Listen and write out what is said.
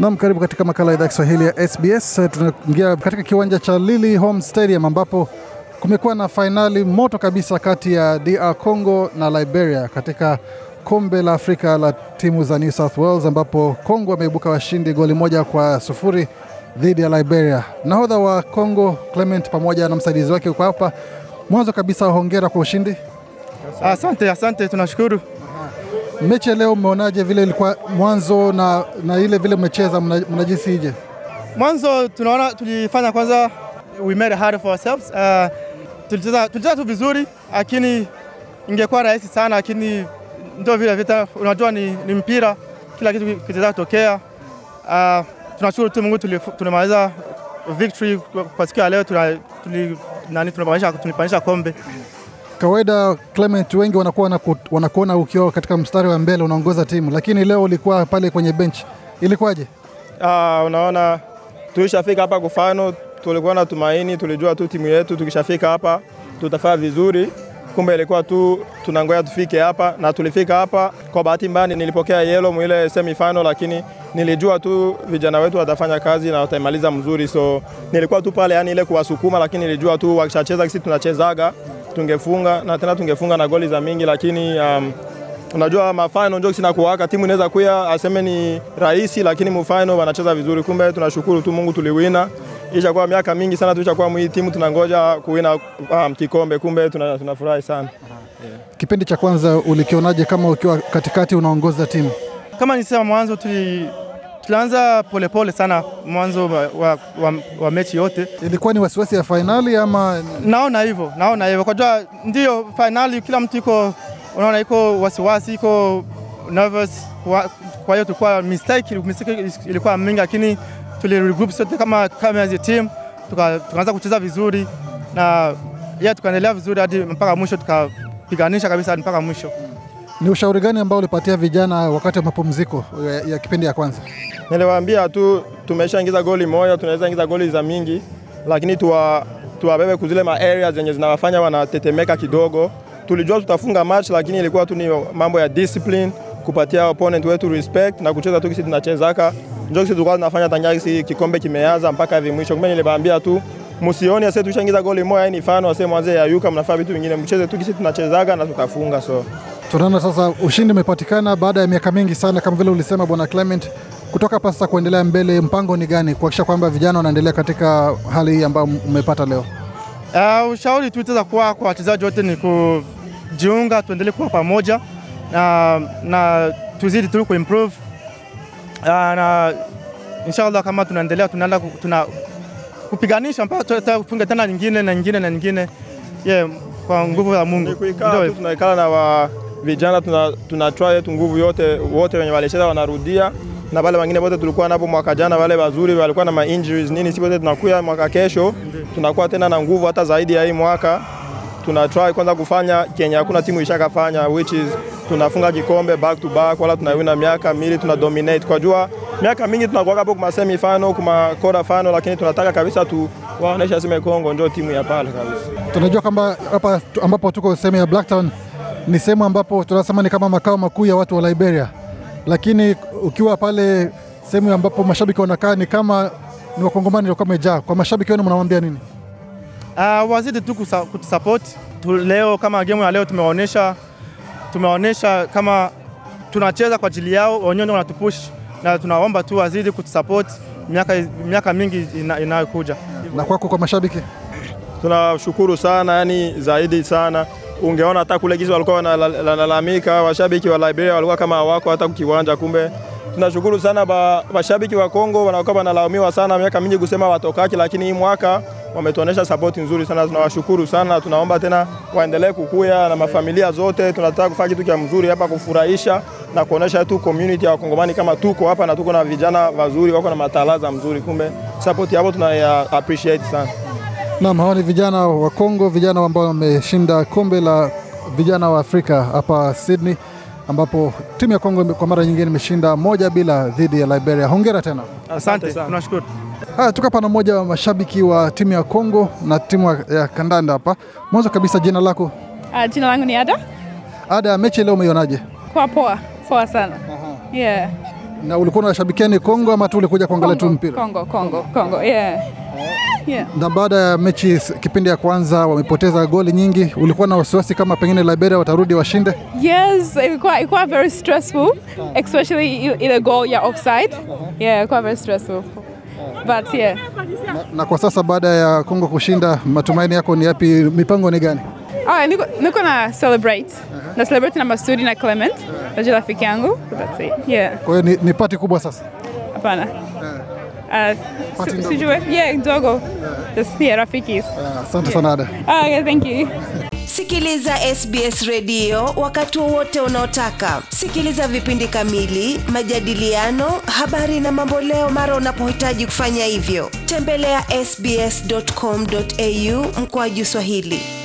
Nam, karibu katika makala ya idhaa Kiswahili ya SBS. Tunaingia katika kiwanja cha lili Home Stadium ambapo kumekuwa na fainali moto kabisa kati ya DR Congo na Liberia katika kombe la Afrika la timu za New South Wales, ambapo Congo ameibuka washindi goli moja kwa sufuri dhidi ya Liberia. Nahodha wa Congo Clement pamoja na msaidizi wake uko hapa. Mwanzo kabisa, hongera kwa ushindi. Asante, asante, tunashukuru. Mechi ya leo mmeonaje, vile ilikuwa mwanzo na, na ile vile mmecheza mnajisiije? Mwanzo tunaona tulifanya kwanza, we made hard for ourselves. Uh, tulicheza tulicheza tu vizuri, lakini ingekuwa rahisi sana, lakini ndio vile vita, unajua ni, ni mpira, kila kitu kitaweza kutokea. Uh, tunashukuru tu Mungu tulimaliza victory kwa siku ya leo, tulipanisha kombe kawaida Clement, wengi wanakuwa wanakuona ukiwa katika mstari wa mbele unaongoza timu, lakini leo ulikuwa pale kwenye benchi, ilikuwaje? Uh, unaona tulishafika hapa kufano, tulikuwa na tumaini, tulijua tu timu yetu tukishafika hapa tutafaa vizuri. Kumbe ilikuwa tu tunangoja tufike hapa, na tulifika hapa. Kwa bahati mbaya nilipokea yellow mwile semi final, lakini nilijua tu vijana wetu watafanya kazi na wataimaliza mzuri, so nilikuwa tu pale, yani ile kuwasukuma, lakini nilijua tu wakishacheza sisi tunachezaga tungefunga na tena tungefunga na goli za mingi, lakini um, unajua mafano njo kuwaka timu inaweza kuya aseme ni rahisi, lakini mufaino wanacheza vizuri. Kumbe tunashukuru tu Mungu tuliwina. Ishakuwa miaka mingi sana tuishakuwa mwi timu tunangoja kuwina um, kikombe, kumbe tunafurahi tuna sana yeah. Kipindi cha kwanza ulikionaje, kama ukiwa katikati unaongoza timu? Kama nisema mwanzo tuli tulianza polepole sana mwanzo wa, wa, wa, wa mechi yote. Ilikuwa ni wasiwasi ya fainali ama? Naona hivyo, naona hivyo. jua ndio fainali, kila mtu iko, unaona iko wasiwasi, iko nervous. Kwa hiyo tulikuwa mistake, mistake ilikuwa mingi, lakini tuli regroup sote kama, kama as a team tukaanza kucheza vizuri na yeah, tukaendelea vizuri hadi mpaka mwisho, tukapiganisha kabisa mpaka mwisho. Ni ushauri gani ambao ulipatia vijana wakati wa mapumziko ya, ya kipindi ya kwanza? Niliwaambia tu tumeshaingiza goli moja, tunaweza ingiza goli za mingi, lakini tuwa, tuwabebe kuzile ma areas zenye zinawafanya wanatetemeka kidogo. Tulijua tutafunga match, lakini ilikuwa tu ni mambo ya discipline, kupatia opponent wetu respect na kucheza tu kisi tunachezaka njoo kisi tulikuwa tunafanya tangia kisi kikombe kimeanza mpaka hivi mwisho. Kumbe niliwaambia tu msioni ase tushaingiza goli moja, ni mfano ase mwanze yayuka, mnafaa vitu vingine, mcheze tu kisi tunachezaga na tutafunga so Tunaona sasa ushindi umepatikana baada ya miaka mingi sana, kama vile ulisema bwana Clement. Kutoka hapa sasa kuendelea mbele, mpango ni gani kuhakikisha kwamba vijana wanaendelea katika hali hii ambayo umepata leo? Uh, ushauri tu kuwa kwa wachezaji wote ni kujiunga, tuendelee kuwa pamoja na, na tuzidi tu kuimprove uh, na inshallah kama tunaendelea tunaenda tuna kupiganisha mpaka kufunga tena nyingine na nyingine na nyingine, yeah, kwa nguvu za Mungu tunaikala na wa vijana tuna, tuna yetu nguvu yote, wote wenye walicheza wanarudia, na wale wengine wote tulikuwa napo mwaka jana, wale wazuri walikuwa na ma injuries nini, sisi wote tunakuya mwaka kesho tunakuwa tena na nguvu hata zaidi ya hii mwaka. Tuna try kwanza kufanya Kenya hakuna timu ishakafanya which is tunafunga kikombe back to back, wala tunawina miaka mili tuna dominate kwa jua miaka mingi tunakuwa hapo kwa semi final kwa quarter final, lakini tunataka kabisa tu waonesha sema Kongo ndio timu ya pale kabisa. Tunajua kwamba hapa ambapo tuko semi ya Blacktown ni sehemu ambapo tunasema ni kama makao makuu ya watu wa Liberia, lakini ukiwa pale sehemu ambapo mashabiki wanakaa ni kama ni wakongomani walikuwa wamejaa. Kwa mashabiki wenu mnawaambia nini? Uh, wazidi tu kutusupport leo, kama game ya leo tumewaonyesha tumewaonyesha kama tunacheza kwa ajili yao, wenyewe ndio wanatupush, na tunaomba tu wazidi kutusupport miaka, miaka mingi inayokuja. Na kwako kwa mashabiki tunashukuru sana, yani zaidi sana ungeona hata kule gizo walikuwa wanalalamika, washabiki wa Liberia walikuwa kama hawako hata kiwanja, kumbe tunashukuru sana washabiki wa Kongo wanakuwa wanalaumiwa sana miaka mingi kusema watokaki, lakini hii mwaka wametuonesha support nzuri sana. Tunawashukuru sana, tunaomba tena waendelee kukuya na mafamilia zote. Tunataka kufanya kitu cha mzuri hapa, kufurahisha na kuonesha tu community ya Wakongomani kama tuko hapa na tuko na vijana wazuri wako na matalaza mzuri, kumbe support yao tunaya appreciate sana. Naam, hawa ni vijana wa Kongo, vijana ambao wameshinda kombe la vijana wa Afrika hapa Sydney, ambapo timu ya Kongo kwa mara nyingine imeshinda moja bila dhidi ya Liberia. Hongera tena. Asante, tunashukuru. Haya, ah, tuko hapa na mmoja wa mashabiki wa timu ya Kongo na timu ya kandanda hapa. Mwanzo kabisa, jina lako? Uh, jina langu ni Ada. Ada, mechi leo umeionaje? Kwa poa, poa sana. -huh. Yeah. Na ulikuwa unashabikia ni Kongo ama tu ulikuja kuangalia tu mpira? Kongo, Kongo, Kongo. Yeah. Eh. Yeah. Na baada ya mechi kipindi ya kwanza wamepoteza goli nyingi, ulikuwa na wasiwasi kama pengine Liberia watarudi washinde? Yes, ilikuwa ilikuwa very stressful especially ile goal ya offside. Yeah, ilikuwa very stressful. But yeah. Na, na kwa sasa baada ya Kongo kushinda matumaini yako ni yapi? Mipango ni gani? Ah, niko, niko na celebrate. Uh-huh. Na celebrate na Masudi na Clement, uh rafiki yangu. That's it. Yeah. Kwa hiyo ni, ni pati kubwa sasa? Hapana. Uh-huh. Uh, sijue Rafiki asante sana ah, Okay, thank you. Sikiliza SBS redio wakati wowote unaotaka. Sikiliza vipindi kamili, majadiliano, habari na mamboleo mara unapohitaji kufanya hivyo. Tembelea sbs.com.au mkoaji Swahili.